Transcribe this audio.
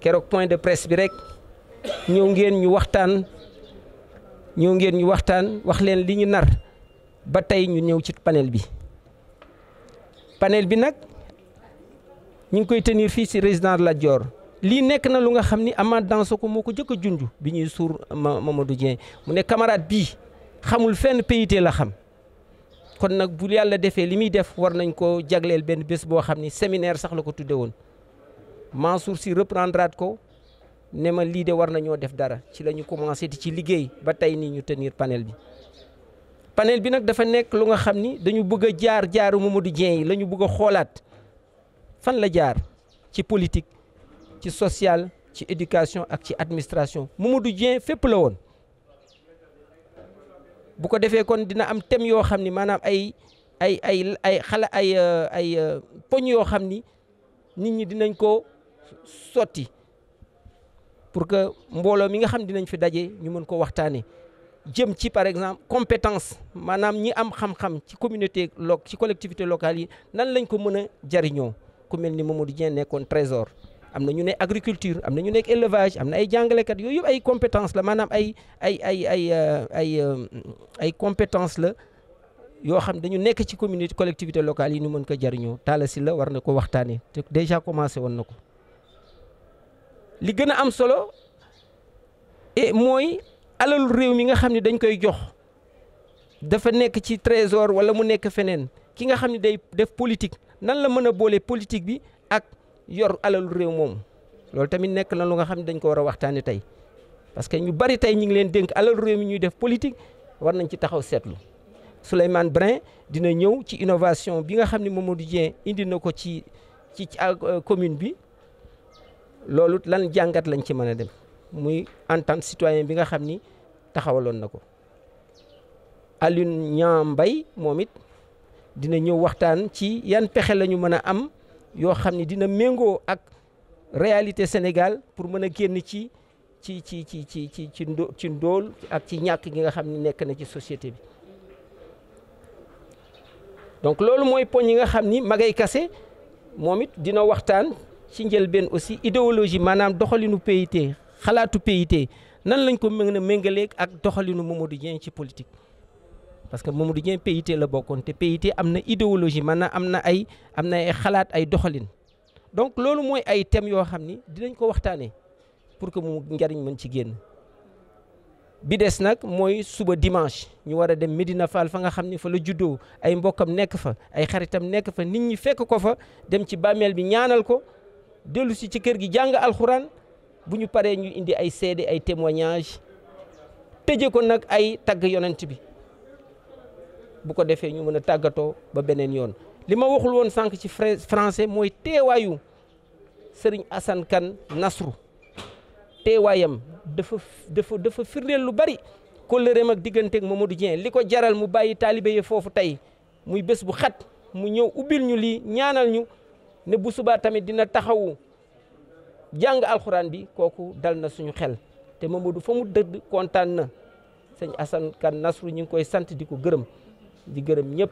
keroog point de presse bi rek ñëw ngeen ñu waxtaan ñëw ngeen ñu waxtaan wax leen li ñu nar ba tey ñu ñëw ci panel bi paneel bi nag ñu ngi koy tenir fii ci résident la joor lii nekk na lu nga xam ni Amath Dansokho moo ko jëkk a junj bi ñuy suur Mamadou Dieng mu ne camarade bii xamul fenn PIT la xam kon nag bu yàlla defee li muy def war nañ ko jagleel benn bés boo xam ni séminaire sax la ko tudde woon Mansour si reprendre ko ne ma lii de war nañoo def dara ci lañu ñu commencé di ci liggéey ba tey nii ñu tenir panel bi. panel bi nag dafa nekk lu nga xam ni dañu bëgg a jaar jaaru Mamadou Dieng yi la ñu bëgg xoolaat fan la jaar ci politique ci social ci éducation ak ci administration Mamadou Dieng fépp la woon. bu ko defee kon dina am thème yoo xam ni maanaam ay ay ay ay xala ay ay poñ yoo xam ni nit ñi dinañ ko sotti pour que mbooloo mi nga xam dinañ fi daje ñu mën ko waxtaanee jëm ci par exemple compétence maanaam ñi am xam-xam ci communauté lo ci collectivité locale yi nan lañ ko mën a jariñoo ku mel ni di Dieng nekkoon trésor am na ñu ne agriculture am na ñu nekk élevage am na ay jàngalekat yooyu yëpp ay compétence la maanaam ay ay ay ay euh, ay euh, ay compétence la yoo xam dañu nekk ci communauté collectivité locale yi ñu mën ko jariñoo Talla Sylla war na ko waxtaanee te déjà commencé woon na ko li gën a am solo e mooy alalu réew mi nga xam ne dañ koy jox dafa nekk ci trésor wala mu nekk feneen ki nga xam ne day def politique nan la mën a boole politique bi ak yor alalu réew moomu loolu tamit nekk lan lu nga xam ne dañ ko war a waxtaanee tey parce que ñu bari tey ñu ngi leen dénk alalu réew mi ñuy def politique war nañ ci taxaw seetlu Souleymane Brin dina ñëw ci innovation bi nga xam ne Mamadou Dieng indi na ko ci ci euh, commune bi. loolu lan jàngat lañ ci mën a dem muy entente citoyen bi nga xam ni taxawaloon na ko Alioune Niang Mbaye moom it dina ñëw waxtaan ci yan pexe lañu ñu mën a am yoo xam ni dina méngoo ak réalité Sénégal pour mën a génn ci ci ci ci ci ci ci ci ndóol ak ci ñàkk gi nga xam ni nekk na ci société bi donc loolu mooy poñ yi nga xam ni magay kase moom it dina waxtaan ci benn aussi idéologie maanaam doxalinu PIT xalaatu PIT nan lañ ko mën a méngaleeg ak doxalinu du Dieng ci politique. parce que du Dieng PIT la bokkoon te PIT am na idéologie maanaam am na ay am na ay xalaat ay doxalin donc loolu mooy ay thèmes yoo xam ni dinañ ko waxtaanee pour que mu njariñ mën ci génn. bi des nag mooy suba dimanche ñu war a dem médina Fall fa nga xam ni fa la juddoo ay mbokkam nekk fa ay xaritam nekk fa nit ñi fekk ko fa dem ci bàmmeel bi ñaanal ko. dellu si ci kër gi jàng alxuraan bu ñu paree ñu indi ay seede ay témoignage tëje ko nag ay tagg yonent bi bu ko defee ñu mën a tàggatoo ba beneen yoon li ma waxul woon sànq ci français mooy teewaayu sëriñ Assane Kane Nasru teewaayam dafa dafa dafa firndeel lu bari kóllëreem ak digganteeg Mamadou Dieng li ko jaral mu bàyyi taalibe yi foofu tey muy bés bu xat mu ñëw ubbil ñu li ñaanal ñu ne bu subaa tamit dina taxawu jàng alxuraan bi kooku dal na suñu xel te Mamadou fa mu dëdd kontaan na sëñ Assane Kan Nasru ñu ngi koy sant di ko gërëm di gërëm ñëpp.